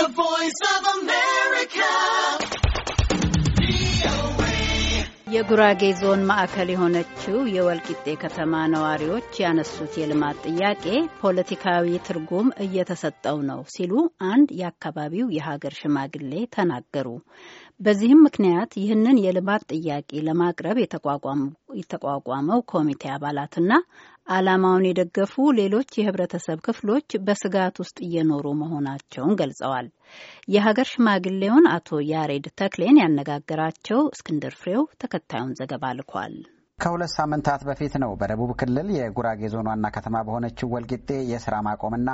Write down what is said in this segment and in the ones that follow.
The Voice of America. የጉራጌ ዞን ማዕከል የሆነችው የወልቂጤ ከተማ ነዋሪዎች ያነሱት የልማት ጥያቄ ፖለቲካዊ ትርጉም እየተሰጠው ነው ሲሉ አንድ የአካባቢው የሀገር ሽማግሌ ተናገሩ። በዚህም ምክንያት ይህንን የልማት ጥያቄ ለማቅረብ የተቋቋመው ኮሚቴ አባላትና ዓላማውን የደገፉ ሌሎች የህብረተሰብ ክፍሎች በስጋት ውስጥ እየኖሩ መሆናቸውን ገልጸዋል። የሀገር ሽማግሌውን አቶ ያሬድ ተክሌን ያነጋገራቸው እስክንድር ፍሬው ተከታዩን ዘገባ ልኳል። ከሁለት ሳምንታት በፊት ነው በደቡብ ክልል የጉራጌ ዞን ዋና ከተማ በሆነችው ወልቂጤ የስራ ማቆምና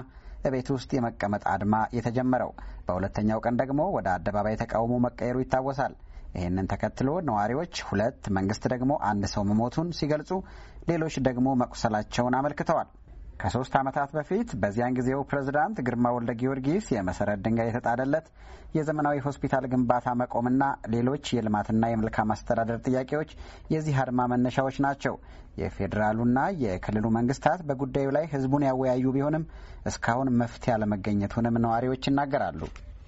ቤት ውስጥ የመቀመጥ አድማ የተጀመረው። በሁለተኛው ቀን ደግሞ ወደ አደባባይ ተቃውሞ መቀየሩ ይታወሳል። ይህንን ተከትሎ ነዋሪዎች ሁለት፣ መንግስት ደግሞ አንድ ሰው መሞቱን ሲገልጹ ሌሎች ደግሞ መቁሰላቸውን አመልክተዋል። ከሶስት ዓመታት በፊት በዚያን ጊዜው ፕሬዝዳንት ግርማ ወልደ ጊዮርጊስ የመሰረት ድንጋይ የተጣለለት የዘመናዊ ሆስፒታል ግንባታ መቆምና ሌሎች የልማትና የመልካም አስተዳደር ጥያቄዎች የዚህ አድማ መነሻዎች ናቸው። የፌዴራሉና የክልሉ መንግስታት በጉዳዩ ላይ ህዝቡን ያወያዩ ቢሆንም እስካሁን መፍትሄ አለመገኘቱንም ነዋሪዎች ይናገራሉ።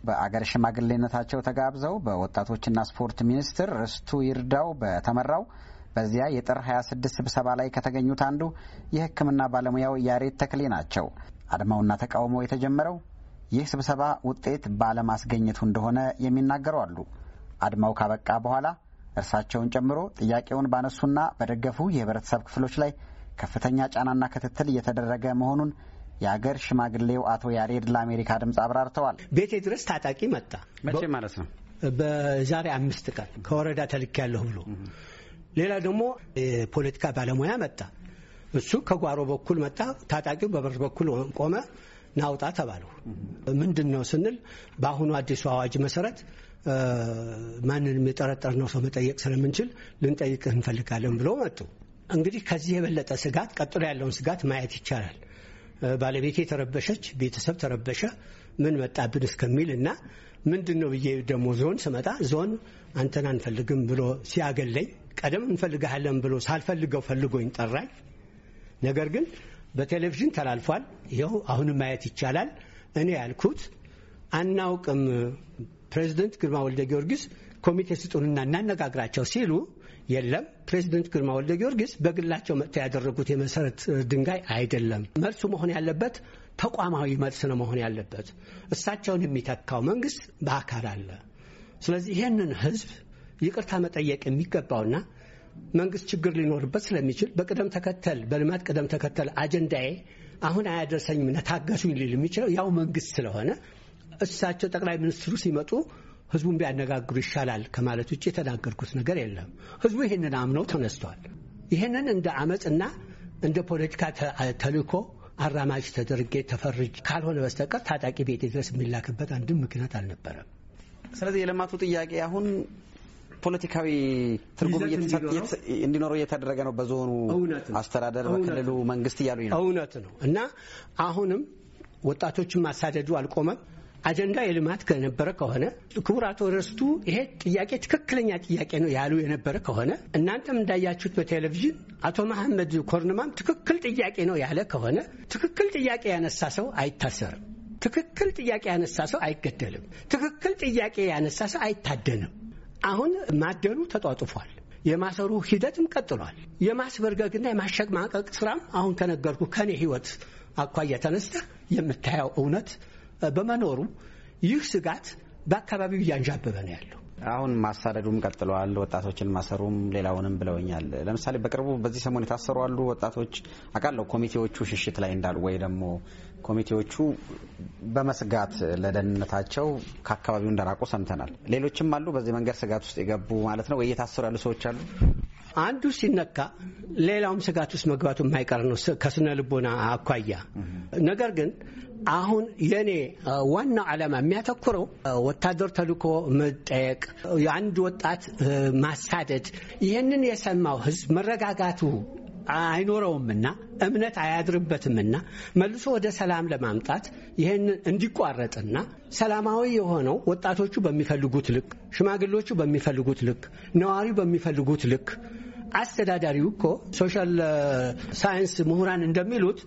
በአገር ሽማግሌነታቸው ተጋብዘው በወጣቶችና ስፖርት ሚኒስትር ርስቱ ይርዳው በተመራው በዚያ የጥር 26 ስብሰባ ላይ ከተገኙት አንዱ የሕክምና ባለሙያው ያሬት ተክሌ ናቸው። አድማውና ተቃውሞ የተጀመረው ይህ ስብሰባ ውጤት ባለማስገኘቱ እንደሆነ የሚናገሩ አሉ። አድማው ካበቃ በኋላ እርሳቸውን ጨምሮ ጥያቄውን ባነሱና በደገፉ የህብረተሰብ ክፍሎች ላይ ከፍተኛ ጫናና ክትትል እየተደረገ መሆኑን የአገር ሽማግሌው አቶ ያሬድ ለአሜሪካ ድምፅ አብራርተዋል። ቤቴ ድረስ ታጣቂ መጣ። መቼ ማለት ነው? በዛሬ አምስት ቀን ከወረዳ ተልክ ያለሁ ብሎ ሌላ ደግሞ የፖለቲካ ባለሙያ መጣ። እሱ ከጓሮ በኩል መጣ። ታጣቂው በበር በኩል ቆመ። ናውጣ ተባለሁ። ምንድን ነው ስንል በአሁኑ አዲሱ አዋጅ መሰረት ማንንም የጠረጠርነው ሰው መጠየቅ ስለምንችል ልንጠይቅህ እንፈልጋለን ብሎ መጡ። እንግዲህ ከዚህ የበለጠ ስጋት ቀጥሎ ያለውን ስጋት ማየት ይቻላል። ባለቤቴ ተረበሸች፣ ቤተሰብ ተረበሸ፣ ምን መጣብን እስከሚል እና ምንድን ነው ብዬ ደግሞ ዞን ስመጣ ዞን አንተን አንፈልግም ብሎ ሲያገለኝ ቀደም እንፈልግሃለን ብሎ ሳልፈልገው ፈልጎኝ ጠራኝ። ነገር ግን በቴሌቪዥን ተላልፏል፣ ይኸው አሁንም ማየት ይቻላል። እኔ ያልኩት አናውቅም፣ ፕሬዚደንት ግርማ ወልደ ጊዮርጊስ ኮሚቴ ስጡንና እናነጋግራቸው ሲሉ የለም ፕሬዚደንት ግርማ ወልደ ጊዮርጊስ በግላቸው መጥተው ያደረጉት የመሰረት ድንጋይ አይደለም። መልሱ መሆን ያለበት ተቋማዊ መልስ ነው መሆን ያለበት። እሳቸውን የሚተካው መንግስት በአካል አለ። ስለዚህ ይህንን ህዝብ ይቅርታ መጠየቅ የሚገባውና መንግስት ችግር ሊኖርበት ስለሚችል በቅደም ተከተል በልማት ቅደም ተከተል አጀንዳዬ አሁን አያደርሰኝም ነታገሱኝ ሊል የሚችለው ያው መንግስት ስለሆነ እሳቸው ጠቅላይ ሚኒስትሩ ሲመጡ ህዝቡን ቢያነጋግሩ ይሻላል ከማለት ውጭ የተናገርኩት ነገር የለም። ህዝቡ ይህንን አምነው ተነስቷል። ይህንን እንደ አመፅና እንደ ፖለቲካ ተልእኮ አራማጅ ተደርጌ ተፈርጅ ካልሆነ በስተቀር ታጣቂ ቤት ድረስ የሚላክበት አንድም ምክንያት አልነበረም። ስለዚህ የልማቱ ጥያቄ አሁን ፖለቲካዊ ትርጉም እንዲኖረው እየተደረገ ነው። በዞኑ አስተዳደር፣ በክልሉ መንግስት እያሉ ነው። እውነት ነው እና አሁንም ወጣቶችን ማሳደዱ አልቆመም። አጀንዳ የልማት ከነበረ ከሆነ ክቡር አቶ እረስቱ ይሄ ጥያቄ ትክክለኛ ጥያቄ ነው ያሉ የነበረ ከሆነ እናንተም እንዳያችሁት በቴሌቪዥን አቶ መሐመድ ኮርንማም ትክክል ጥያቄ ነው ያለ ከሆነ ትክክል ጥያቄ ያነሳ ሰው አይታሰርም። ትክክል ጥያቄ ያነሳ ሰው አይገደልም። ትክክል ጥያቄ ያነሳ ሰው አይታደንም። አሁን ማደሉ ተጧጡፏል። የማሰሩ ሂደትም ቀጥሏል። የማስበርገግና ማቀቅ ስራም አሁን ከነገርኩ ከኔ ህይወት አኳያ ተነስተህ የምታየው እውነት በመኖሩ ይህ ስጋት በአካባቢው እያንዣበበ ነው ያለው። አሁን ማሳደዱም ቀጥለዋል። ወጣቶችን ማሰሩም ሌላውንም ብለውኛል። ለምሳሌ በቅርቡ በዚህ ሰሞን የታሰሩ አሉ ወጣቶች አውቃለሁ። ኮሚቴዎቹ ሽሽት ላይ እንዳሉ ወይ ደግሞ ኮሚቴዎቹ በመስጋት ለደህንነታቸው ከአካባቢው እንደራቁ ሰምተናል። ሌሎችም አሉ በዚህ መንገድ ስጋት ውስጥ የገቡ ማለት ነው ወይ እየታሰሩ ያሉ ሰዎች አሉ። አንዱ ሲነካ ሌላውም ስጋት ውስጥ መግባቱ የማይቀር ነው ከስነ ልቦና አኳያ። ነገር ግን አሁን የኔ ዋናው ዓላማ የሚያተኩረው ወታደር ተልኮ መጠየቅ፣ የአንድ ወጣት ማሳደድ፣ ይህንን የሰማው ህዝብ መረጋጋቱ አይኖረውምና እምነት አያድርበትምና መልሶ ወደ ሰላም ለማምጣት ይህን እንዲቋረጥና ሰላማዊ የሆነው ወጣቶቹ በሚፈልጉት ልክ፣ ሽማግሌዎቹ በሚፈልጉት ልክ፣ ነዋሪው በሚፈልጉት ልክ አስተዳዳሪው እኮ ሶሻል ሳይንስ ምሁራን እንደሚሉት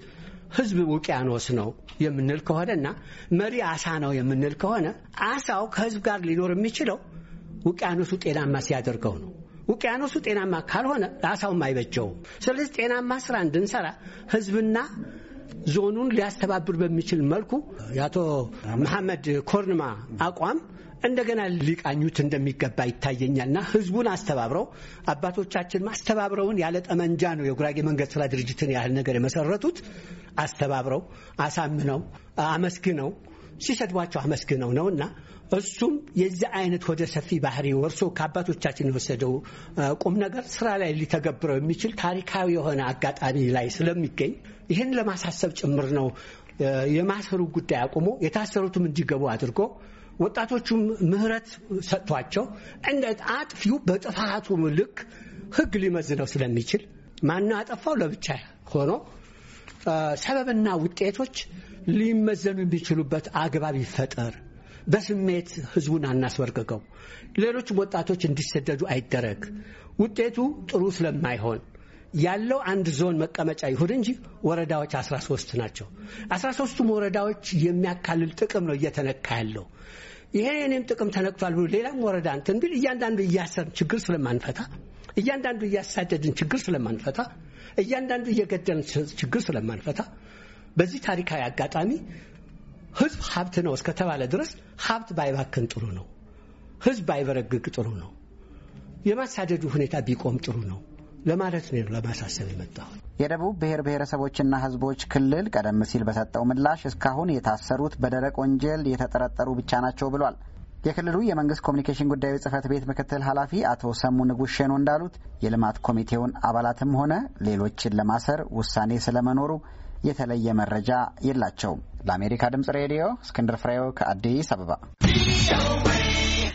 ህዝብ ውቅያኖስ ነው የምንል እና መሪ አሳ ነው የምንል ከሆነ አሳው ከህዝብ ጋር ሊኖር የሚችለው ውቅያኖሱ ጤናማ ሲያደርገው ነው። ውቅያኖሱ ጤናማ ካልሆነ አሳውም አይበጀውም። ስለዚህ ጤናማ ስራ እንድንሰራ ህዝብና ዞኑን ሊያስተባብር በሚችል መልኩ የአቶ መሐመድ ኮርንማ አቋም እንደገና ሊቃኙት እንደሚገባ ይታየኛልና ህዝቡን አስተባብረው አባቶቻችን ማስተባብረውን ያለ ጠመንጃ ነው የጉራጌ መንገድ ስራ ድርጅትን ያህል ነገር የመሰረቱት። አስተባብረው አሳምነው አመስግነው ሲሰድቧቸው አመስግነው ነውና እሱም የዚህ አይነት ወደ ሰፊ ባህሪ ወርሶ ከአባቶቻችን የወሰደው ቁም ነገር ስራ ላይ ሊተገብረው የሚችል ታሪካዊ የሆነ አጋጣሚ ላይ ስለሚገኝ ይህን ለማሳሰብ ጭምር ነው የማሰሩ ጉዳይ አቁሞ የታሰሩትም እንዲገቡ አድርጎ ወጣቶቹም ምህረት ሰጥቷቸው እንደ አጥፊው በጥፋቱ ልክ ህግ ሊመዝነው ስለሚችል ማነው አጠፋው ለብቻ ሆኖ ሰበብና ውጤቶች ሊመዘኑ የሚችሉበት አግባብ ይፈጠር። በስሜት ህዝቡን አናስበርቅቀው። ሌሎችም ወጣቶች እንዲሰደዱ አይደረግ። ውጤቱ ጥሩ ስለማይሆን ያለው አንድ ዞን መቀመጫ ይሁን እንጂ ወረዳዎች 13 ናቸው። 13ቱም ወረዳዎች የሚያካልል ጥቅም ነው እየተነካ ያለው። ይሄ የኔም ጥቅም ተነክቷል ብሎ ሌላም ወረዳ እንትን ቢል እያንዳንዱ እያሰርን ችግር ስለማንፈታ፣ እያንዳንዱ እያሳደድን ችግር ስለማንፈታ፣ እያንዳንዱ እየገደልን ችግር ስለማንፈታ በዚህ ታሪካዊ አጋጣሚ ህዝብ ሀብት ነው እስከተባለ ድረስ ሀብት ባይባክን ጥሩ ነው። ህዝብ ባይበረግግ ጥሩ ነው። የማሳደዱ ሁኔታ ቢቆም ጥሩ ነው። ለማለት ነው ለማሳሰብ የመጣሁ። የደቡብ ብሔር ብሔረሰቦችና ሕዝቦች ክልል ቀደም ሲል በሰጠው ምላሽ እስካሁን የታሰሩት በደረቅ ወንጀል የተጠረጠሩ ብቻ ናቸው ብሏል። የክልሉ የመንግስት ኮሚኒኬሽን ጉዳዮች ጽህፈት ቤት ምክትል ኃላፊ አቶ ሰሙ ንጉሼኖ እንዳሉት የልማት ኮሚቴውን አባላትም ሆነ ሌሎችን ለማሰር ውሳኔ ስለመኖሩ የተለየ መረጃ የላቸውም። ለአሜሪካ ድምጽ ሬዲዮ እስክንድር ፍሬው ከአዲስ አበባ